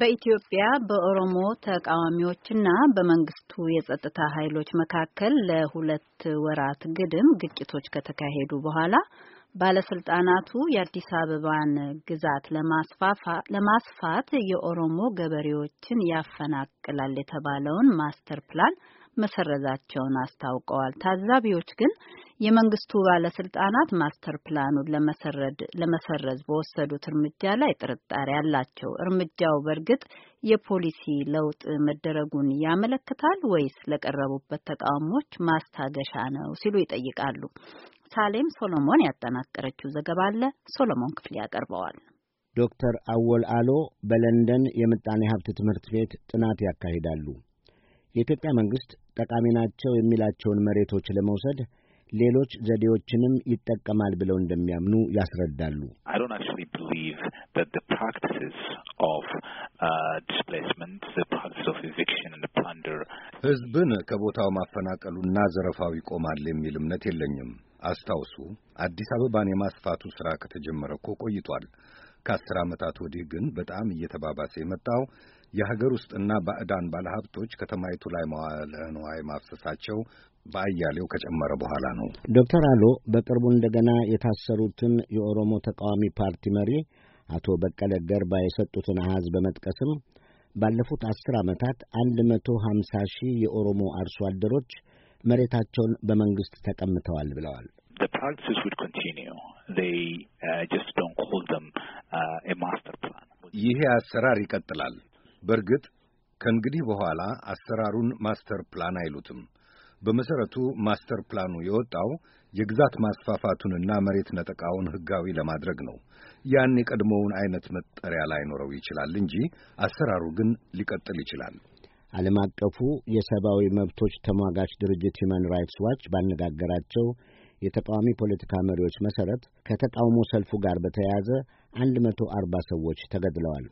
በኢትዮጵያ በኦሮሞ ተቃዋሚዎችና በመንግስቱ የጸጥታ ኃይሎች መካከል ለሁለት ወራት ግድም ግጭቶች ከተካሄዱ በኋላ ባለስልጣናቱ የአዲስ አበባን ግዛት ለማስፋት የኦሮሞ ገበሬዎችን ያፈናቅላል የተባለውን ማስተር ፕላን መሰረዛቸውን አስታውቀዋል። ታዛቢዎች ግን የመንግስቱ ባለስልጣናት ማስተር ፕላኑን ለመሰረድ ለመሰረዝ በወሰዱት እርምጃ ላይ ጥርጣሬ አላቸው። እርምጃው በእርግጥ የፖሊሲ ለውጥ መደረጉን ያመለክታል ወይስ ለቀረቡበት ተቃውሞች ማስታገሻ ነው ሲሉ ይጠይቃሉ። ሳሌም ሶሎሞን ያጠናቀረችው ዘገባ አለ። ሶሎሞን ክፍሌ ያቀርበዋል። ዶክተር አወል አሎ በለንደን የምጣኔ ሀብት ትምህርት ቤት ጥናት ያካሂዳሉ። የኢትዮጵያ መንግሥት ጠቃሚ ናቸው የሚላቸውን መሬቶች ለመውሰድ ሌሎች ዘዴዎችንም ይጠቀማል ብለው እንደሚያምኑ ያስረዳሉ። uh, ሕዝብን ከቦታው ማፈናቀሉና ዘረፋው ይቆማል የሚል እምነት የለኝም። አስታውሱ፣ አዲስ አበባን የማስፋቱ ሥራ ከተጀመረ እኮ ቆይቷል። ከአስር ዓመታት ወዲህ ግን በጣም እየተባባሰ የመጣው የሀገር ውስጥና ባዕዳን ባለሀብቶች ከተማይቱ ላይ መዋለ ንዋይ ማፍሰሳቸው በአያሌው ከጨመረ በኋላ ነው። ዶክተር አሎ በቅርቡ እንደገና የታሰሩትን የኦሮሞ ተቃዋሚ ፓርቲ መሪ አቶ በቀለ ገርባ የሰጡትን አሃዝ በመጥቀስም ባለፉት አስር ዓመታት አንድ መቶ ሀምሳ ሺህ የኦሮሞ አርሶ አደሮች መሬታቸውን በመንግሥት ተቀምተዋል ብለዋል። uh, uh, ይሄ አሰራር ይቀጥላል። በእርግጥ ከእንግዲህ በኋላ አሰራሩን ማስተር ፕላን አይሉትም። በመሰረቱ ማስተር ፕላኑ የወጣው የግዛት ማስፋፋቱንና መሬት ነጠቃውን ሕጋዊ ለማድረግ ነው። ያን የቀድሞውን አይነት መጠሪያ ላይኖረው ይችላል እንጂ አሰራሩ ግን ሊቀጥል ይችላል። ዓለም አቀፉ የሰብአዊ መብቶች ተሟጋች ድርጅት ሂማን ራይትስ ዋች ባነጋገራቸው የተቃዋሚ ፖለቲካ መሪዎች መሠረት ከተቃውሞ ሰልፉ ጋር በተያያዘ 140 ሰዎች ተገድለዋል።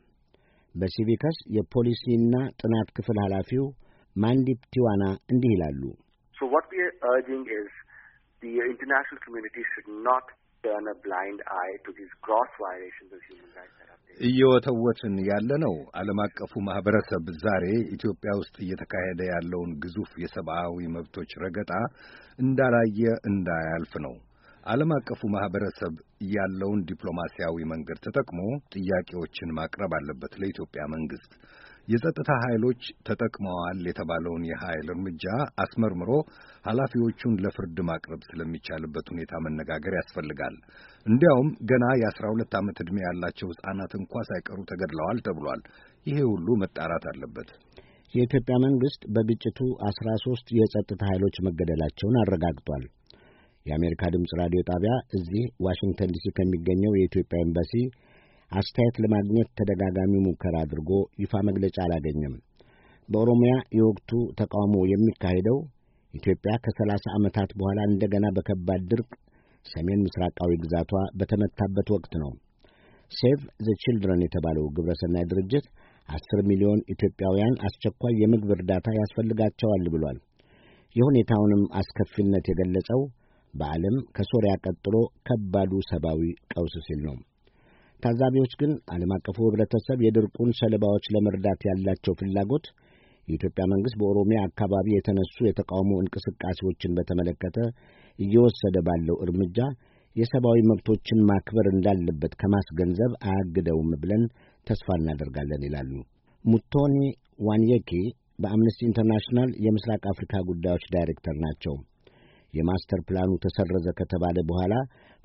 በሲቪከስ የፖሊሲና ጥናት ክፍል ኃላፊው ማንዲፕ ቲዋና እንዲህ ይላሉ። እየወተወትን ያለነው ዓለም አቀፉ ማህበረሰብ ዛሬ ኢትዮጵያ ውስጥ እየተካሄደ ያለውን ግዙፍ የሰብአዊ መብቶች ረገጣ እንዳላየ እንዳያልፍ ነው። ዓለም አቀፉ ማህበረሰብ ያለውን ዲፕሎማሲያዊ መንገድ ተጠቅሞ ጥያቄዎችን ማቅረብ አለበት። ለኢትዮጵያ መንግስት የጸጥታ ኃይሎች ተጠቅመዋል የተባለውን የኃይል እርምጃ አስመርምሮ ኃላፊዎቹን ለፍርድ ማቅረብ ስለሚቻልበት ሁኔታ መነጋገር ያስፈልጋል። እንዲያውም ገና የአስራ ሁለት ዓመት ዕድሜ ያላቸው ሕፃናት እንኳ ሳይቀሩ ተገድለዋል ተብሏል። ይሄ ሁሉ መጣራት አለበት። የኢትዮጵያ መንግስት በግጭቱ አስራ ሦስት የጸጥታ ኃይሎች መገደላቸውን አረጋግጧል። የአሜሪካ ድምፅ ራዲዮ ጣቢያ እዚህ ዋሽንግተን ዲሲ ከሚገኘው የኢትዮጵያ ኤምባሲ አስተያየት ለማግኘት ተደጋጋሚ ሙከራ አድርጎ ይፋ መግለጫ አላገኘም። በኦሮሚያ የወቅቱ ተቃውሞ የሚካሄደው ኢትዮጵያ ከሰላሳ ዓመታት በኋላ እንደገና በከባድ ድርቅ ሰሜን ምስራቃዊ ግዛቷ በተመታበት ወቅት ነው። ሴቭ ዘ ችልድረን የተባለው ሰናይ ድርጅት አስር ሚሊዮን ኢትዮጵያውያን አስቸኳይ የምግብ እርዳታ ያስፈልጋቸዋል ብሏል። የሁኔታውንም አስከፊነት የገለጸው በዓለም ከሶሪያ ቀጥሎ ከባዱ ሰብአዊ ቀውስ ሲል ነው። ታዛቢዎች ግን ዓለም አቀፉ ኅብረተሰብ የድርቁን ሰለባዎች ለመርዳት ያላቸው ፍላጎት የኢትዮጵያ መንግሥት በኦሮሚያ አካባቢ የተነሱ የተቃውሞ እንቅስቃሴዎችን በተመለከተ እየወሰደ ባለው እርምጃ የሰብአዊ መብቶችን ማክበር እንዳለበት ከማስገንዘብ አያግደውም ብለን ተስፋ እናደርጋለን ይላሉ። ሙቶኒ ዋንየኬ በአምነስቲ ኢንተርናሽናል የምስራቅ አፍሪካ ጉዳዮች ዳይሬክተር ናቸው። የማስተር ፕላኑ ተሰረዘ ከተባለ በኋላ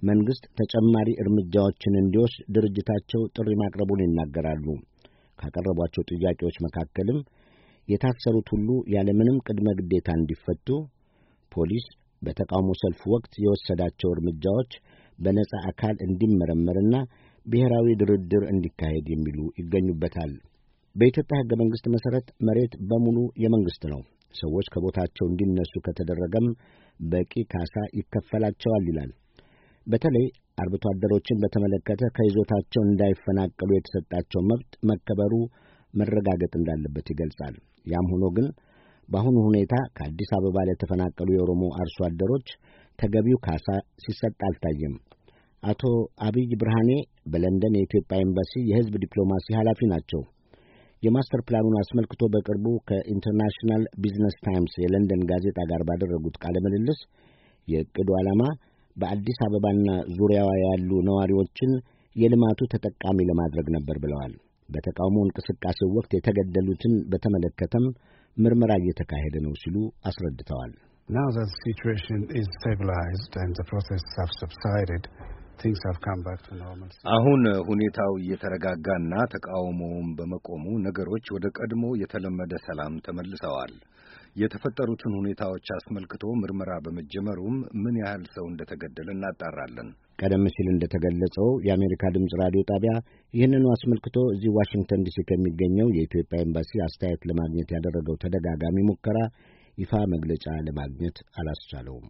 መንግሥት ተጨማሪ እርምጃዎችን እንዲወስድ ድርጅታቸው ጥሪ ማቅረቡን ይናገራሉ። ካቀረቧቸው ጥያቄዎች መካከልም የታሰሩት ሁሉ ያለምንም ቅድመ ግዴታ እንዲፈቱ፣ ፖሊስ በተቃውሞ ሰልፍ ወቅት የወሰዳቸው እርምጃዎች በነጻ አካል እንዲመረመርና ብሔራዊ ድርድር እንዲካሄድ የሚሉ ይገኙበታል። በኢትዮጵያ ሕገ መንግሥት መሠረት መሬት በሙሉ የመንግሥት ነው። ሰዎች ከቦታቸው እንዲነሱ ከተደረገም በቂ ካሳ ይከፈላቸዋል ይላል። በተለይ አርብቶ አደሮችን በተመለከተ ከይዞታቸው እንዳይፈናቀሉ የተሰጣቸው መብት መከበሩ መረጋገጥ እንዳለበት ይገልጻል። ያም ሆኖ ግን በአሁኑ ሁኔታ ከአዲስ አበባ ለተፈናቀሉ የኦሮሞ አርሶ አደሮች ተገቢው ካሳ ሲሰጥ አልታየም። አቶ አብይ ብርሃኔ በለንደን የኢትዮጵያ ኤምባሲ የሕዝብ ዲፕሎማሲ ኃላፊ ናቸው። የማስተር ፕላኑን አስመልክቶ በቅርቡ ከኢንተርናሽናል ቢዝነስ ታይምስ የለንደን ጋዜጣ ጋር ባደረጉት ቃለ ምልልስ የእቅዱ ዓላማ በአዲስ አበባና ዙሪያዋ ያሉ ነዋሪዎችን የልማቱ ተጠቃሚ ለማድረግ ነበር ብለዋል። በተቃውሞ እንቅስቃሴው ወቅት የተገደሉትን በተመለከተም ምርመራ እየተካሄደ ነው ሲሉ አስረድተዋል። አሁን ሁኔታው እየተረጋጋና ተቃውሞውም በመቆሙ ነገሮች ወደ ቀድሞ የተለመደ ሰላም ተመልሰዋል። የተፈጠሩትን ሁኔታዎች አስመልክቶ ምርመራ በመጀመሩም ምን ያህል ሰው እንደተገደለ እናጣራለን። ቀደም ሲል እንደተገለጸው የአሜሪካ ድምፅ ራዲዮ ጣቢያ ይህንኑ አስመልክቶ እዚህ ዋሽንግተን ዲሲ ከሚገኘው የኢትዮጵያ ኤምባሲ አስተያየት ለማግኘት ያደረገው ተደጋጋሚ ሙከራ ይፋ መግለጫ ለማግኘት አላስቻለውም።